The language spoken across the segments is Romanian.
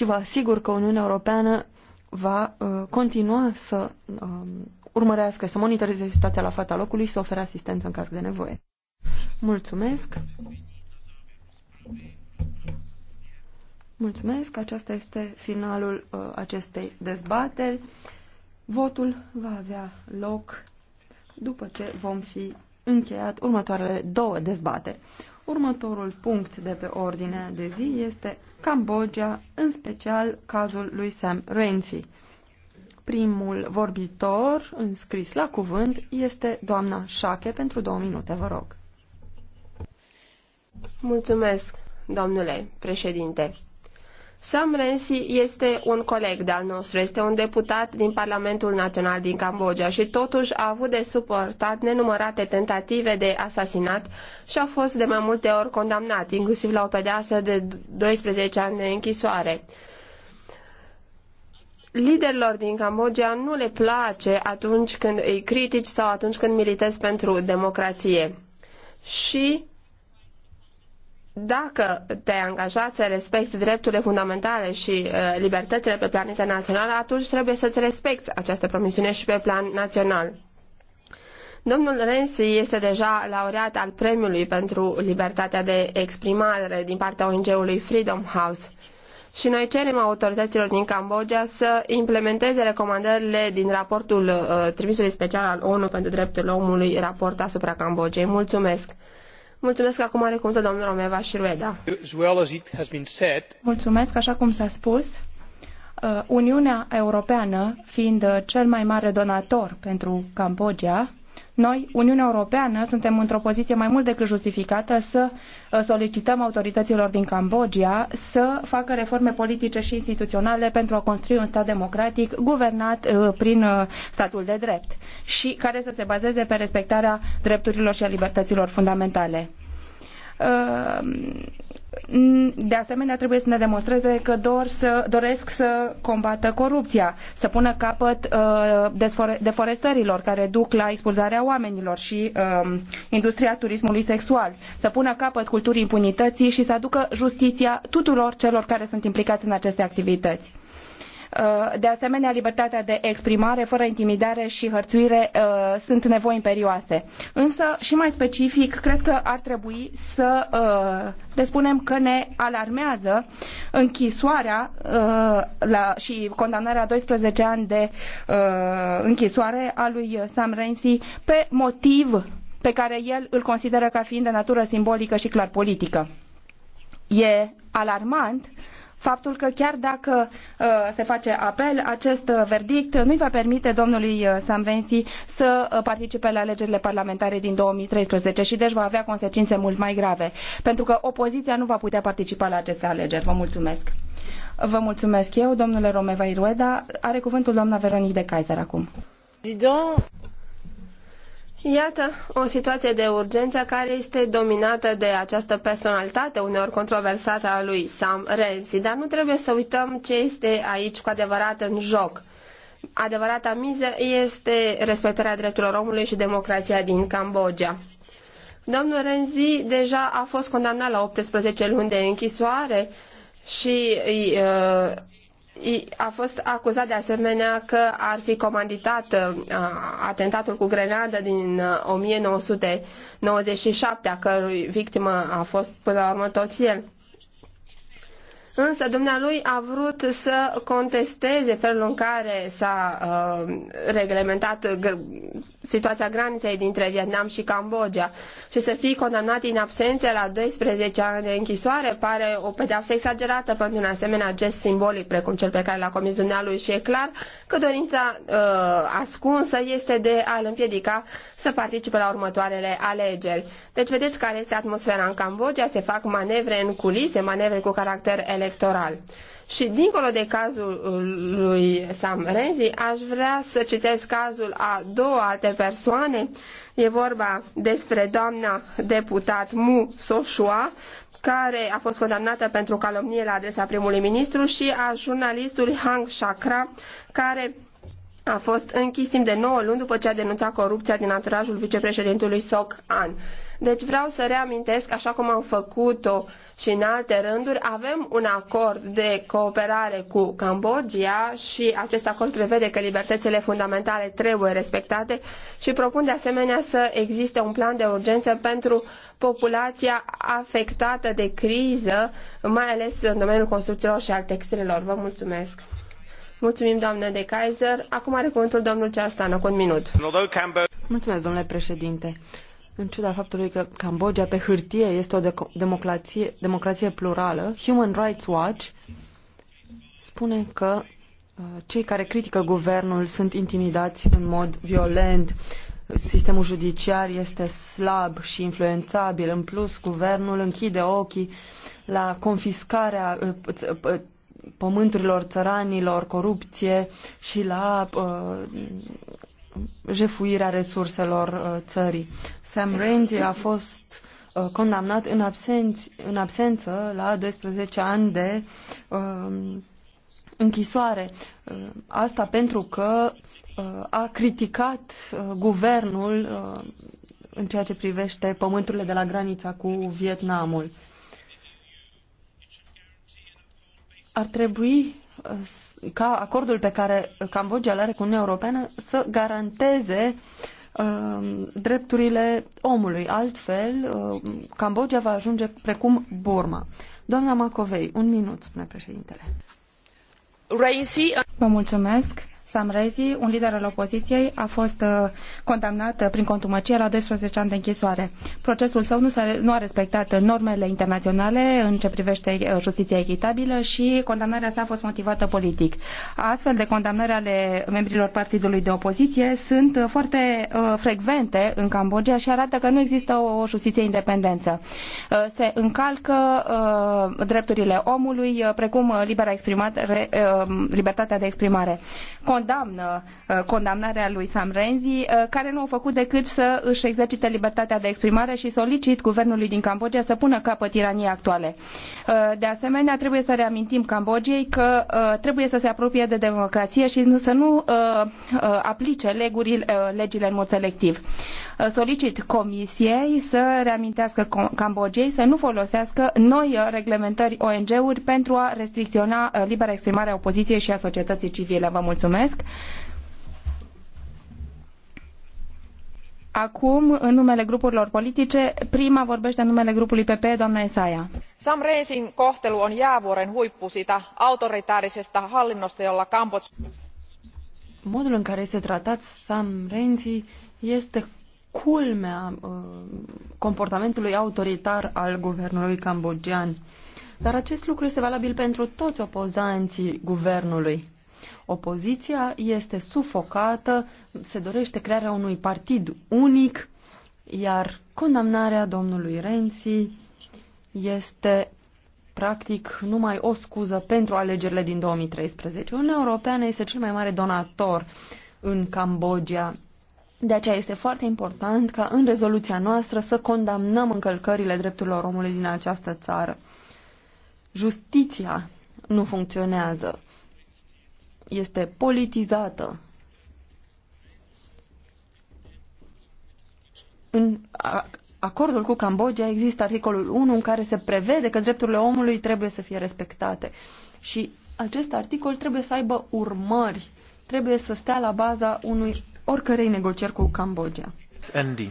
și vă asigur că Uniunea Europeană va uh, continua să uh, urmărească, să monitorizeze situația la fața locului și să ofere asistență în caz de nevoie. Mulțumesc! Mulțumesc! Aceasta este finalul uh, acestei dezbateri. Votul va avea loc după ce vom fi încheiat următoarele două dezbateri. Următorul punct de pe ordinea de zi este Cambodgia, în special cazul lui Sam Rainsy. Primul vorbitor înscris la cuvânt este doamna Șache pentru două minute, vă rog. Mulțumesc, domnule președinte. Sam Rensi este un coleg de-al nostru, este un deputat din Parlamentul Național din Cambodgia și totuși a avut de suportat nenumărate tentative de asasinat și a fost de mai multe ori condamnat, inclusiv la o pedeapsă de 12 ani de închisoare. Liderilor din Cambodgia nu le place atunci când îi critici sau atunci când militezi pentru democrație. Și dacă te-ai angajat să respecti drepturile fundamentale și uh, libertățile pe plan internațional, atunci trebuie să-ți respecti această promisiune și pe plan național. Domnul Renzi este deja laureat al premiului pentru libertatea de exprimare din partea ONG-ului Freedom House și noi cerem autorităților din Cambodgia să implementeze recomandările din raportul uh, trimisului special al ONU pentru drepturile omului, raport asupra Cambodgiei. Mulțumesc! Mulțumesc acum are cuvântul domnul Romeva și Rueda. Mulțumesc, așa cum s-a spus, uh, Uniunea Europeană fiind uh, cel mai mare donator pentru Cambodgia, noi, Uniunea Europeană, suntem într-o poziție mai mult decât justificată să uh, solicităm autorităților din Cambodgia să facă reforme politice și instituționale pentru a construi un stat democratic guvernat prin statul de drept și care să se bazeze pe respectarea drepturilor și a libertăților fundamentale. Ehm, de asemenea, trebuie să ne demonstreze că dor să, doresc să combată corupția, să pună capăt uh, deforestărilor care duc la expulzarea oamenilor și uh, industria turismului sexual, să pună capăt culturii impunității și să aducă justiția tuturor celor care sunt implicați în aceste activități. Uh, de asemenea, libertatea de exprimare fără intimidare și hărțuire uh, sunt nevoi imperioase. Însă, și mai specific, cred că ar trebui să uh, le spunem că ne alarmează închisoarea la, și condamnarea 12 ani de închisoare a lui Sam Rainsy pe motiv pe care el îl consideră ca fiind de natură simbolică și clar politică. E alarmant faptul că chiar dacă uh, se face apel, acest uh, verdict nu-i va permite domnului uh, Sam Rensi să participe la alegerile parlamentare din 2013 și deci va avea consecințe mult mai grave, pentru că opoziția nu va putea participa la aceste alegeri. Vă mulțumesc! Vă mulțumesc eu, domnule Romeva Irueda. Are cuvântul doamna Veronique de Kaiser acum. Iată o situație de urgență care este dominată de această personalitate uneori controversată a lui Sam Renzi, dar nu trebuie să uităm ce este aici cu adevărat în joc. Adevărata miză este respectarea drepturilor omului și democrația din Cambodgia. Domnul Renzi deja a fost condamnat la 18 luni de închisoare și uh, a fost acuzat de asemenea că ar fi comanditat uh, atentatul cu grenadă din 1997, uh, a cărui victimă a fost până la urmă tot el. Însă dumnealui a vrut să contesteze felul în care s-a uh, reglementat situația graniței dintre Vietnam și Cambodgia și să fie condamnat în absență la 12 ani de închisoare pare o pedeapsă exagerată pentru un asemenea gest simbolic precum cel pe care l-a comis dumnealui și e clar că dorința uh, ascunsă este de a-l împiedica să participe la următoarele alegeri. Deci vedeți care este atmosfera în Cambodgia, se fac manevre în culise, manevre cu caracter electoral electoral. Și dincolo de cazul uh, lui Sam Renzi, aș vrea să citesc cazul a două alte persoane. E vorba despre doamna deputat Mu Soșua, care a fost condamnată pentru calomnie la adresa primului ministru și a jurnalistului Hang Chakra, care a fost închis timp de 9 luni după ce a denunțat corupția din anturajul vicepreședintelui Soc An. Deci vreau să reamintesc, așa cum am făcut-o și în alte rânduri, avem un acord de cooperare cu Cambodgia și acest acord prevede că libertățile fundamentale trebuie respectate și propun de asemenea să existe un plan de urgență pentru populația afectată de criză, mai ales în domeniul construcțiilor și al textilelor. Vă mulțumesc! Mulțumim, doamnă de Kaiser. Acum are cuvântul domnul Cearstană, cu un minut. Mulțumesc, domnule președinte. În ciuda faptului că Cambodgia pe hârtie este o democrație, democrație plurală, Human Rights Watch spune că uh, cei care critică guvernul sunt intimidați în mod violent, sistemul judiciar este slab și influențabil. În plus, guvernul închide ochii la confiscarea uh, uh, pământurilor țăranilor, corupție și la uh, jefuirea resurselor uh, țării. Sam Rainsy a fost uh, condamnat în, absenț, în absență la 12 ani de uh, închisoare. Uh, asta pentru că uh, a criticat uh, guvernul uh, în ceea ce privește pământurile de la granița cu Vietnamul. ar trebui uh, ca acordul pe care Cambodgia îl are cu Uniunea Europeană să garanteze uh, drepturile omului. Altfel, uh, Cambodgia va ajunge precum Burma. Doamna Macovei, un minut, spune președintele. Vă mulțumesc. Sam Rezi, un lider al opoziției, a fost uh, condamnat uh, prin contumacie la 12 ani de închisoare. Procesul său nu, a nu a respectat normele internaționale în ce privește uh, justiția echitabilă și condamnarea sa a fost motivată politic. Astfel de condamnări ale membrilor partidului de opoziție sunt foarte frecvente în Cambodgia și arată că nu există o justiție independență. Se încalcă drepturile omului, precum libera exprimat, libertatea de exprimare condamnă uh, condamnarea lui Sam Renzi, uh, care nu au făcut decât să își exercite libertatea de exprimare și solicit guvernului din Cambodgia să pună capăt tiraniei actuale. Uh, de asemenea, trebuie să reamintim Cambodgiei că trebuie să se apropie de democrație și să nu aplice legile în mod selectiv. Solicit Comisiei să reamintească Cambodgiei să nu folosească noi reglementări ONG-uri pentru a restricționa libera exprimare a opoziției și a societății civile. Vă mulțumesc! Mulțumesc. Acum, în numele grupurilor politice, prima vorbește în numele grupului PP, doamna Esaia. Sam Reinsin kohtelu on jäävuoren huippu siitä autoritaarisesta hallinnosta, jolla Kambodža... Modul în care este tratat Sam Renzi este culmea uh, comportamentului autoritar al guvernului cambogian. Dar acest lucru este valabil pentru toți opozanții guvernului Opoziția este sufocată, se dorește crearea unui partid unic, iar condamnarea domnului Renzi este practic numai o scuză pentru alegerile din 2013. Uniunea Europeană este cel mai mare donator în Cambodgia. De aceea este foarte important ca în rezoluția noastră să condamnăm încălcările drepturilor omului din această țară. Justiția nu funcționează este politizată. În acordul cu Cambodgia există articolul 1 în care se prevede că drepturile omului trebuie să fie respectate. Și acest articol trebuie să aibă urmări, trebuie să stea la baza unui oricărei negocieri cu Cambodgia. Andy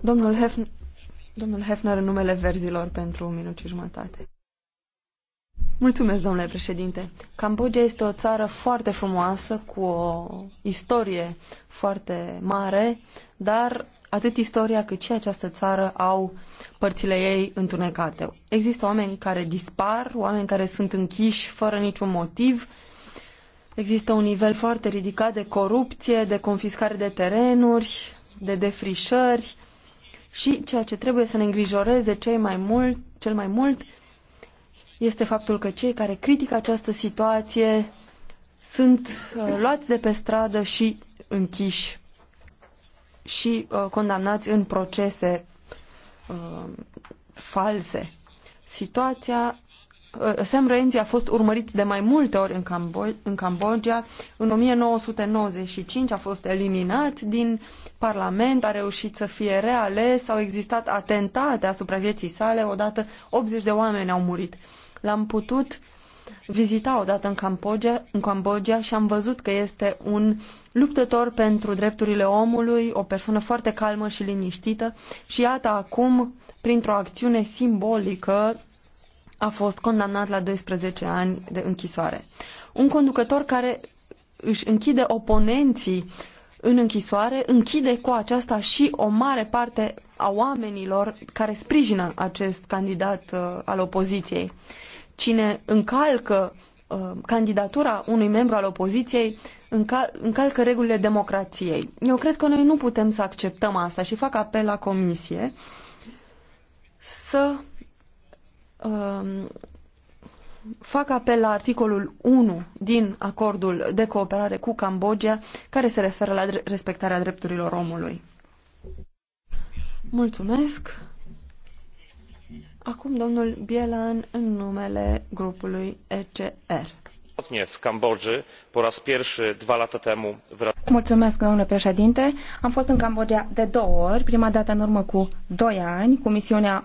Domnul Hefner, domnul Hefner în numele verzilor pentru un minut și jumătate. Mulțumesc, domnule președinte. Cambodgia este o țară foarte frumoasă, cu o istorie foarte mare, dar atât istoria cât și această țară au părțile ei întunecate. Există oameni care dispar, oameni care sunt închiși fără niciun motiv, există un nivel foarte ridicat de corupție, de confiscare de terenuri, de defrișări, și ceea ce trebuie să ne îngrijoreze cei mai mult, cel mai mult este faptul că cei care critică această situație sunt uh, luați de pe stradă și închiși și uh, condamnați în procese uh, false. Situația Uh, Sam Rainsy a fost urmărit de mai multe ori în, Cambo- în Cambodgia. În 1995 a fost eliminat din Parlament, a reușit să fie reales, au existat atentate asupra vieții sale, odată 80 de oameni au murit. L-am putut vizita odată în Cambodgia, în Cambodgia și am văzut că este un luptător pentru drepturile omului, o persoană foarte calmă și liniștită și iată acum, printr-o acțiune simbolică, a fost condamnat la 12 ani de închisoare. Un conducător care își închide oponenții în închisoare, închide cu aceasta și o mare parte a oamenilor care sprijină acest candidat uh, al opoziției. Cine încalcă uh, candidatura unui membru al opoziției încal- încalcă regulile democrației. Eu cred că noi nu putem să acceptăm asta și fac apel la comisie să Um, fac apel la articolul 1 din acordul de cooperare cu Cambodgia, care se referă la respectarea drepturilor omului. Mulțumesc. Acum domnul Bielan în numele grupului ECR w kambodży po raz pierwszy dwa lata temu am fost în cambodgia de două ori prima dată în urmă cu doi ani cu misiunea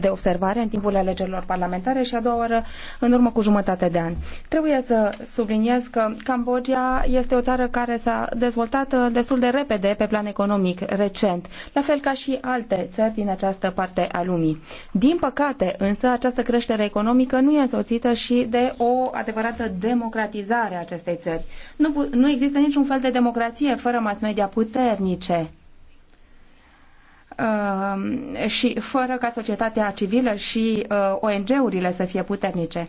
de observare în timpul alegerilor parlamentare și a doua oară în urmă cu jumătate de an. Trebuie să subliniez că Cambodgia este o țară care s-a dezvoltat uh, destul de repede pe plan economic recent, la fel ca și alte țări din această parte a lumii. Din păcate, însă, această creștere economică nu e însoțită și de o adevărată democratizare a acestei țări. Nu, nu există niciun fel de democrație fără mass media puternice ehm, și fără ca societatea civilă și uh, ONG-urile să fie puternice.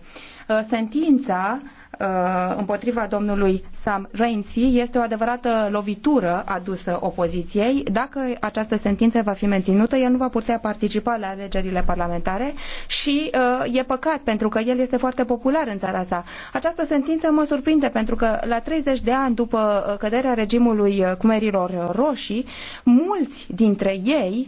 Uh, sentința uh, împotriva domnului Sam Rainsy este o adevărată lovitură adusă opoziției. Dacă această sentință va fi menținută, el nu va putea participa la alegerile parlamentare și uh, e păcat pentru că el este foarte popular în țara sa. Această sentință mă surprinde pentru că la 30 de ani după uh, căderea regimului cumerilor roșii, mulți dintre ei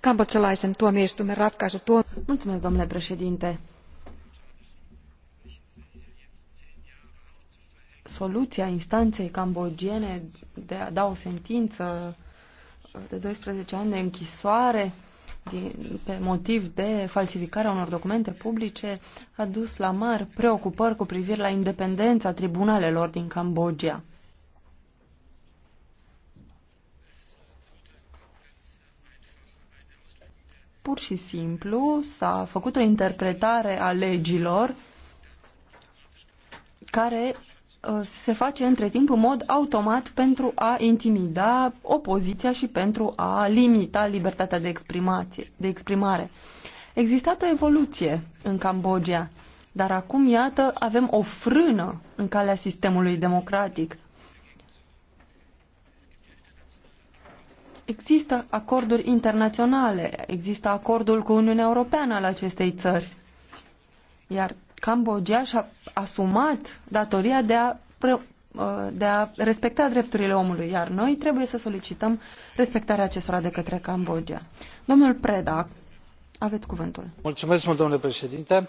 kambodalaisen tuomioistuimen ratkaisu domnule președinte soluția instanței cambodgiene de a da o sentință uh, de 12 ani de închisoare din, pe motiv de falsificarea unor documente publice a dus la mari preocupări cu privire la independența tribunalelor din Cambodgia. pur și simplu s-a făcut o interpretare a legilor care uh, se face între timp în mod automat pentru a intimida opoziția și pentru a limita libertatea de, de exprimare. Existat o evoluție în Cambodgia, dar acum, iată, avem o frână în calea sistemului democratic. Există acorduri internaționale, există acordul cu Uniunea Europeană al acestei țări. Iar Cambodgia și-a asumat datoria de a, pre, uh, de a respecta drepturile omului, iar noi trebuie să solicităm respectarea acestora de către Cambodgia. Domnul Preda, aveți cuvântul. Mulțumesc mult, domnule președinte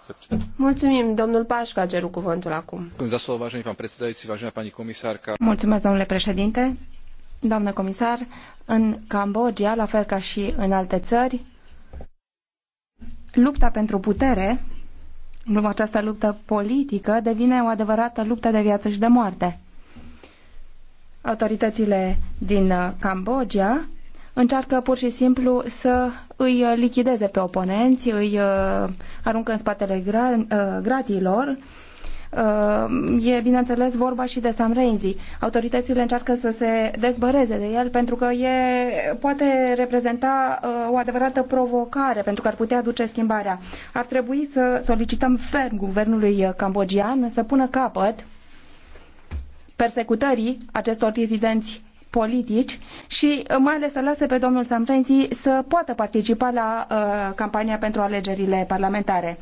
Mulțumim, domnul Pașca a cuvântul acum. Mulțumesc, domnule președinte. Doamnă comisar, în Cambodgia, la fel ca și în alte țări, lupta pentru putere, această luptă politică, devine o adevărată luptă de viață și de moarte. Autoritățile din uh, Cambodgia încearcă pur și simplu să îi uh, lichideze pe oponenți, îi uh, aruncă în spatele gra, uh, gratiilor. E, bineînțeles, vorba și de Sam Rainsy. Autoritățile încearcă să se dezbăreze de el pentru că e, poate reprezenta o adevărată provocare pentru că ar putea aduce schimbarea. Ar trebui să solicităm ferm guvernului cambogian să pună capăt persecutării acestor dizidenți politici și uh, mai ales să lase pe domnul Samrenzi să poată participa la uh, campania pentru alegerile parlamentare.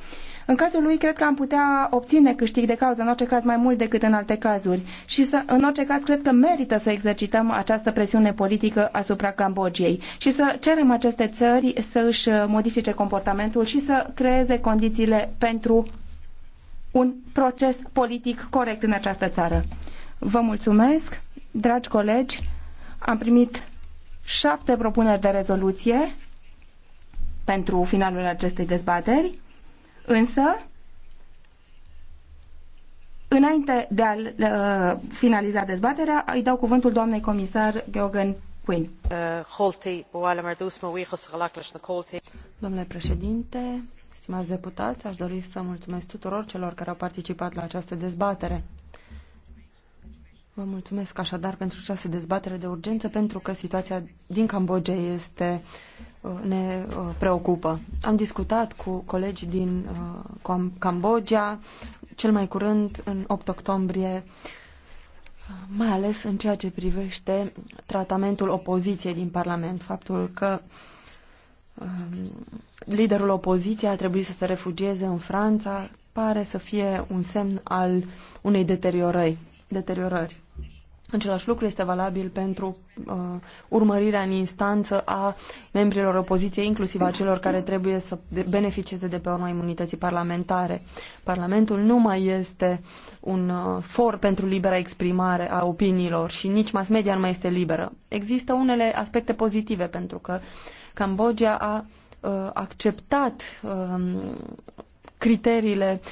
În cazul lui, cred că am putea obține câștig de cauză, în orice caz mai mult decât în alte cazuri. Și să, în orice caz, cred că merită să exercităm această presiune politică asupra Cambodgiei și să cerem aceste țări să își uh, modifice comportamentul și să creeze condițiile pentru un proces politic corect în această țară. Vă mulțumesc, dragi colegi. Am primit șapte propuneri de rezoluție pentru finalul acestei dezbateri, însă, înainte de a uh, finaliza dezbaterea, îi dau cuvântul doamnei comisar Geoghegan Quinn. Uh, Domnule președinte, stimați deputați, aș dori să mulțumesc tuturor celor care au participat la această dezbatere. Vă mulțumesc așadar pentru această dezbatere de urgență, pentru că situația din Cambodgia este, uh, ne uh, preocupă. Am discutat cu colegi din uh, Cambodgia, cel mai curând în 8 octombrie, mai ales în ceea ce privește tratamentul opoziției din Parlament, faptul că um, liderul opoziției a trebuit să se refugieze în Franța, pare să fie un semn al unei deteriorări. deteriorări. Același lucru este valabil pentru uh, urmărirea în instanță a membrilor opoziției, inclusiv a celor care trebuie să beneficieze de pe urma imunității parlamentare. Parlamentul nu mai este un uh, for pentru libera exprimare a opiniilor și nici mass media nu mai este liberă. Există unele aspecte pozitive pentru că Cambodgia a uh, acceptat uh, criteriile uh,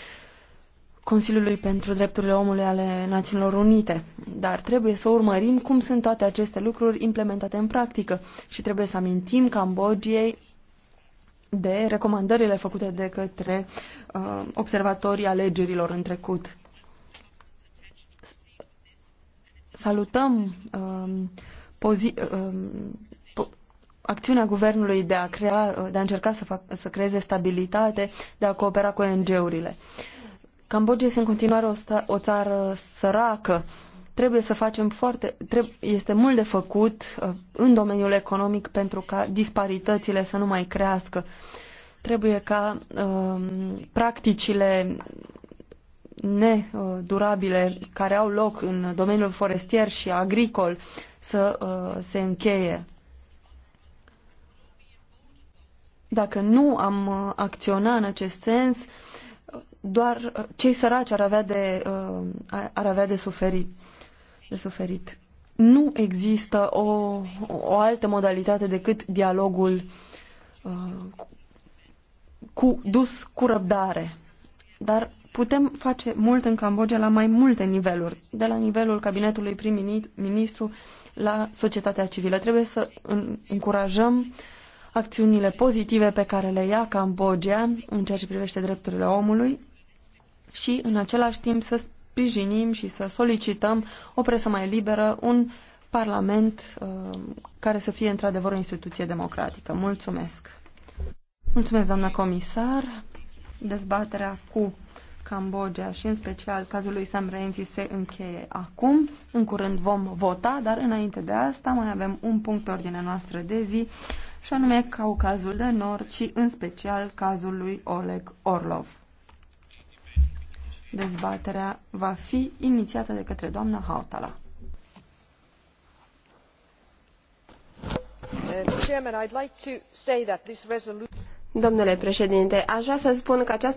Consiliului pentru Drepturile Omului ale Națiunilor Unite, dar trebuie să urmărim cum sunt toate aceste lucruri implementate în practică și trebuie să amintim Cambodgiei de recomandările făcute de către uh, observatorii alegerilor în trecut. Salutăm uh, uh, acțiunea guvernului de a, crea, de a încerca să, fac, să creeze stabilitate, de a coopera cu ONG-urile. Uh, Cambodgia este în continuare o, o țară săracă. Trebuie să facem foarte. este mult de făcut uh, în domeniul economic pentru ca disparitățile să nu mai crească. Trebuie ca uh, practicile nedurabile care au loc în domeniul forestier și agricol să uh, se încheie. Dacă nu am uh, acționat în acest sens, uh, doar uh, cei săraci ar avea de, uh, ar avea de suferit. De suferit. Nu există o, o altă modalitate decât dialogul uh, cu, dus cu răbdare. Dar putem face mult în Cambodgia la mai multe niveluri, de la nivelul cabinetului prim-ministru la societatea civilă. Trebuie să încurajăm acțiunile pozitive pe care le ia Cambodgia în ceea ce privește drepturile omului și în același timp să sprijinim și să solicităm o presă mai liberă, un parlament uh, care să fie într-adevăr o instituție democratică. Mulțumesc! Mulțumesc, doamna comisar! Dezbaterea cu Cambodgia și în special cazul lui Sam Rainsy se încheie acum. În curând vom vota, dar înainte de asta mai avem un punct pe ordinea noastră de zi și anume cazul de Nord și în special cazul lui Oleg Orlov. Dezbaterea va fi inițiată de către doamna Hautala. Domnule președinte, aș vrea să spun că această